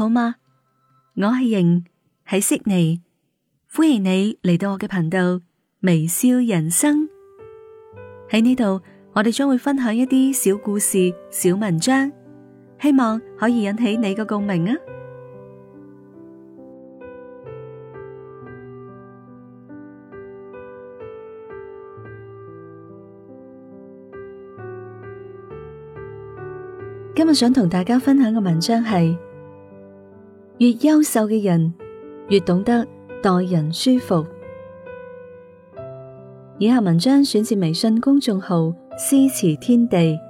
好嗎？我係瑩，喺悉尼，歡迎你嚟到我嘅頻道微笑人生。喺呢度，我哋將會分享一啲小故事、小文章，希望可以引起你嘅共鳴啊！今日想同大家分享嘅文章係。越優秀嘅人越懂得待人舒服。以下文章選自微信公眾號詩詞天地。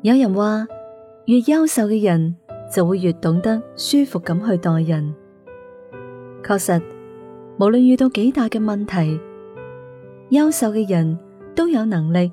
有人話，越優秀嘅人就會越懂得舒服咁去待人。確實，無論遇到幾大嘅問題，優秀嘅人都有能力。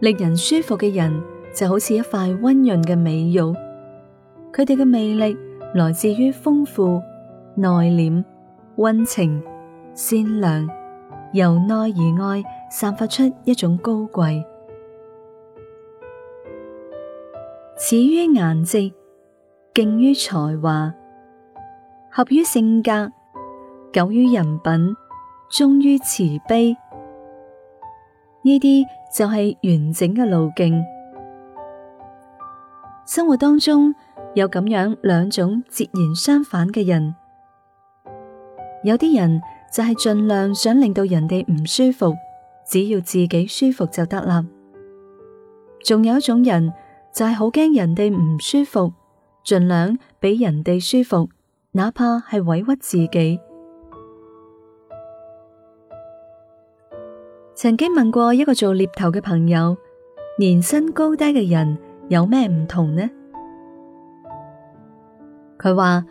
令人舒服嘅人，就好似一塊溫潤嘅美玉，佢哋嘅魅力來自於豐富、內斂、溫情、善良，由內而外散發出一種高貴。始於顏值，敬於才華，合於性格，久於人品，忠於慈悲，呢啲。就係完整嘅路徑。生活當中有咁樣兩種截然相反嘅人，有啲人就係盡量想令到人哋唔舒服，只要自己舒服就得啦。仲有一種人就係好驚人哋唔舒服，盡量俾人哋舒服，哪怕係委屈自己。曾經問過一個做獵頭嘅朋友，年薪高低嘅人有咩唔同呢？佢話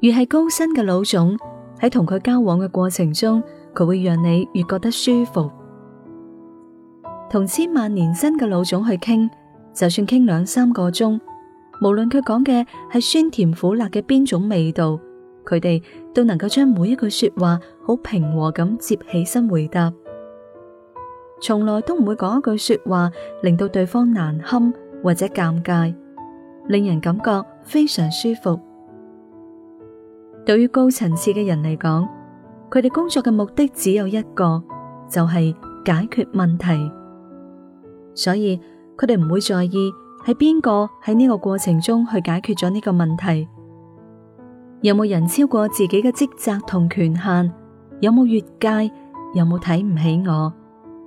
越係高薪嘅老總，喺同佢交往嘅過程中，佢會讓你越覺得舒服。同千萬年薪嘅老總去傾，就算傾兩三個鐘，無論佢講嘅係酸甜苦辣嘅邊種味道，佢哋都能夠將每一句說話好平和咁接起身回答。從來都唔會講一句說話，令到對方難堪或者尷尬，令人感覺非常舒服。對於高層次嘅人嚟講，佢哋工作嘅目的只有一個，就係解決問題。所以佢哋唔會在意喺邊個喺呢個過程中去解決咗呢個問題，有冇人超過自己嘅職責同權限，有冇越界，有冇睇唔起我。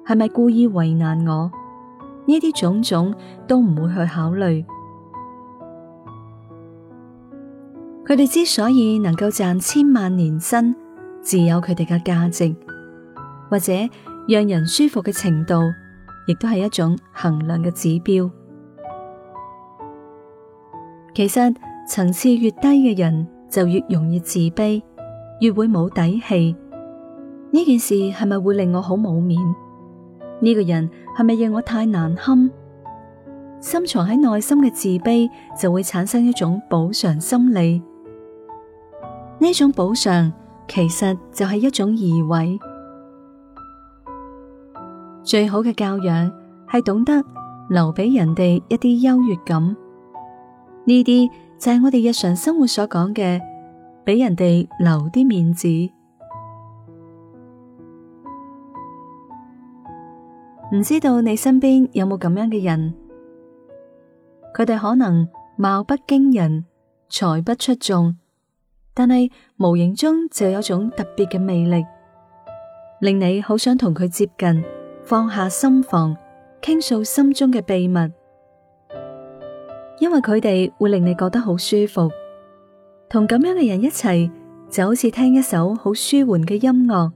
係咪故意為難我？呢啲種種都唔會去考慮。佢哋之所以能夠賺千萬年薪，自有佢哋嘅價值，或者讓人舒服嘅程度，亦都係一種衡量嘅指標。其實層次越低嘅人，就越容易自卑，越會冇底氣。呢件事係咪會令我好冇面？呢個人係咪讓我太難堪？深藏喺內心嘅自卑就會產生一種補償心理。呢種補償其實就係一種愚偽。最好嘅教養係懂得留俾人哋一啲優越感。呢啲就係我哋日常生活所講嘅，俾人哋留啲面子。唔知道你身邊有冇咁樣嘅人？佢哋可能貌不驚人，才不出眾，但係無形中就有種特別嘅魅力，令你好想同佢接近，放下心房，傾訴心中嘅秘密。因為佢哋會令你覺得好舒服，同咁樣嘅人一齊，就好似聽一首好舒緩嘅音樂，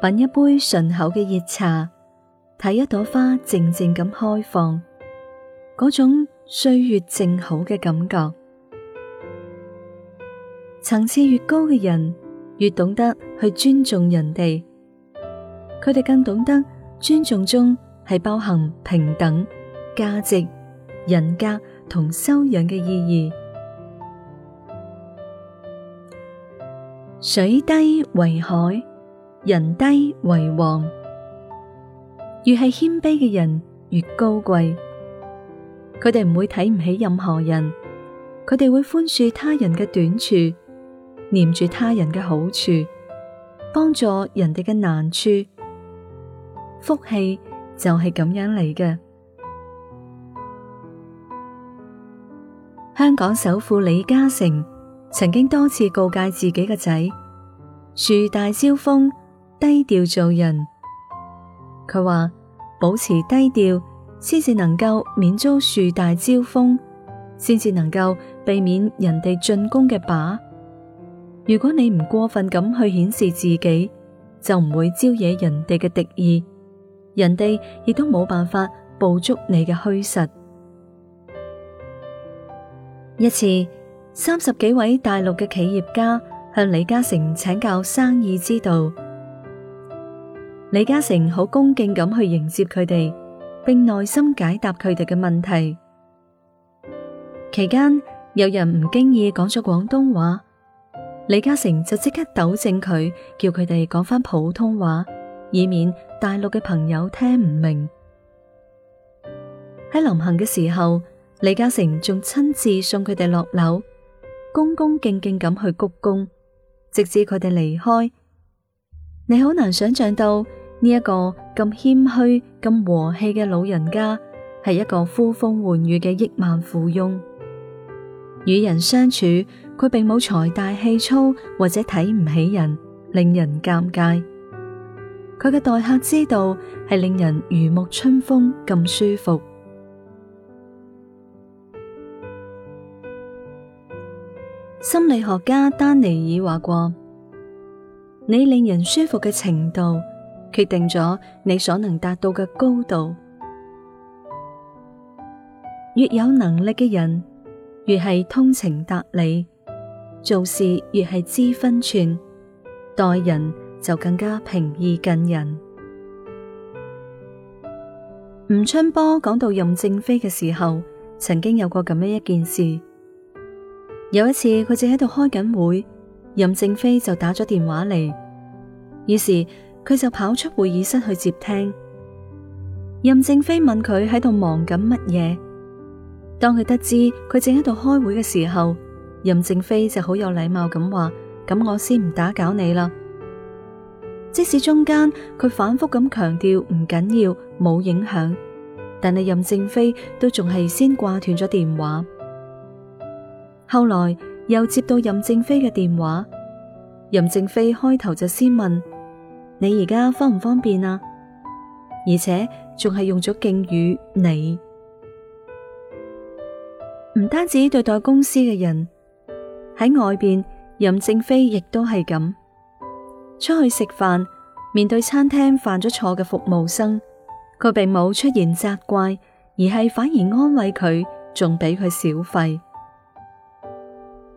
品一杯順口嘅熱茶。睇一朵花靜靜咁開放，嗰種歲月正好嘅感覺。層次越高嘅人，越懂得去尊重人哋。佢哋更懂得尊重中係包含平等、價值、人格同修養嘅意義。水低為海，人低為王。越係謙卑嘅人，越高貴。佢哋唔會睇唔起任何人，佢哋會寬恕他人嘅短處，念住他人嘅好處，幫助人哋嘅難處。福氣就係咁樣嚟嘅。香港首富李嘉誠曾經多次告誡自己嘅仔：樹大招風，低調做人。佢話：保持低調，先至能夠免遭樹大招風，先至能夠避免人哋進攻嘅靶。如果你唔過分咁去顯示自己，就唔會招惹人哋嘅敵意，人哋亦都冇辦法捕捉你嘅虛實。一次三十幾位大陸嘅企業家向李嘉誠請教生意之道。李嘉誠好恭敬咁去迎接佢哋，並耐心解答佢哋嘅問題。期間有人唔經意講咗廣東話，李嘉誠就即刻糾正佢，叫佢哋講返普通話，以免大陸嘅朋友聽唔明。喺臨行嘅時候，李嘉誠仲親自送佢哋落樓，恭恭敬敬咁去鞠躬，直至佢哋離開。你好難想象到。呢一個咁謙虛、咁和氣嘅老人家，係一個呼風喚雨嘅億萬富翁。與人相處，佢並冇財大氣粗或者睇唔起人，令人尷尬。佢嘅待客之道係令人如沐春風咁舒服。心理學家丹尼爾話過：你令人舒服嘅程度。決定咗你所能達到嘅高度，越有能力嘅人，越係通情達理，做事越係知分寸，待人就更加平易近人。吳春波講到任正非嘅時候，曾經有過咁樣一件事。有一次佢正喺度開緊會，任正非就打咗電話嚟，於是。佢就跑出會議室去接聽。任正非問佢喺度忙緊乜嘢？當佢得知佢正喺度開會嘅時候，任正非就好有禮貌咁話：咁我先唔打攪你啦。即使中間佢反覆咁強調唔緊要、冇影響，但係任正非都仲係先掛斷咗電話。後來又接到任正非嘅電話，任正非開頭就先問。你而家方唔方便啊？而且仲係用咗敬語。你唔單止對待公司嘅人，喺外邊，任正非亦都係咁。出去食飯，面對餐廳犯咗錯嘅服務生，佢並冇出現責怪，而係反而安慰佢，仲俾佢小費。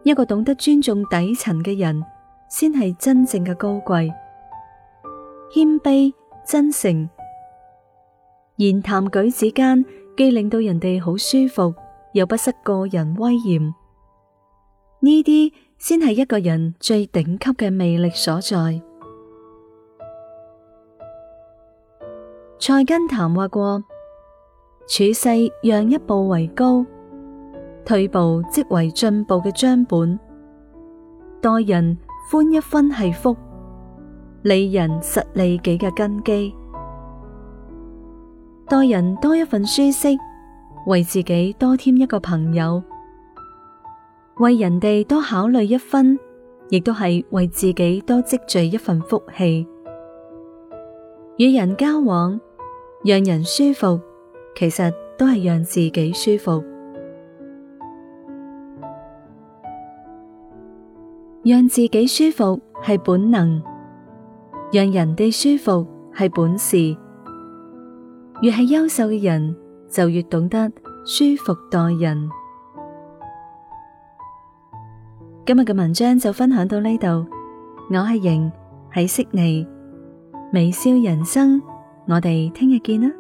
一個懂得尊重底層嘅人，先係真正嘅高貴。謙卑、真誠，言談舉止間既令到人哋好舒服，又不失個人威嚴。呢啲先係一個人最頂級嘅魅力所在。菜根譚話過：處世讓一步為高，退步即為進步嘅張本；待人寬一分係福。利人實利己嘅根基，待人多一份舒適，為自己多添一個朋友，為人哋多考慮一分，亦都係為自己多積聚一份福氣。與人交往，讓人舒服，其實都係讓自己舒服。讓自己舒服係本能。讓人哋舒服係本事，越係優秀嘅人，就越懂得舒服待人。今日嘅文章就分享到呢度，我係瑩，喺悉尼，微笑人生，我哋聽日見啦。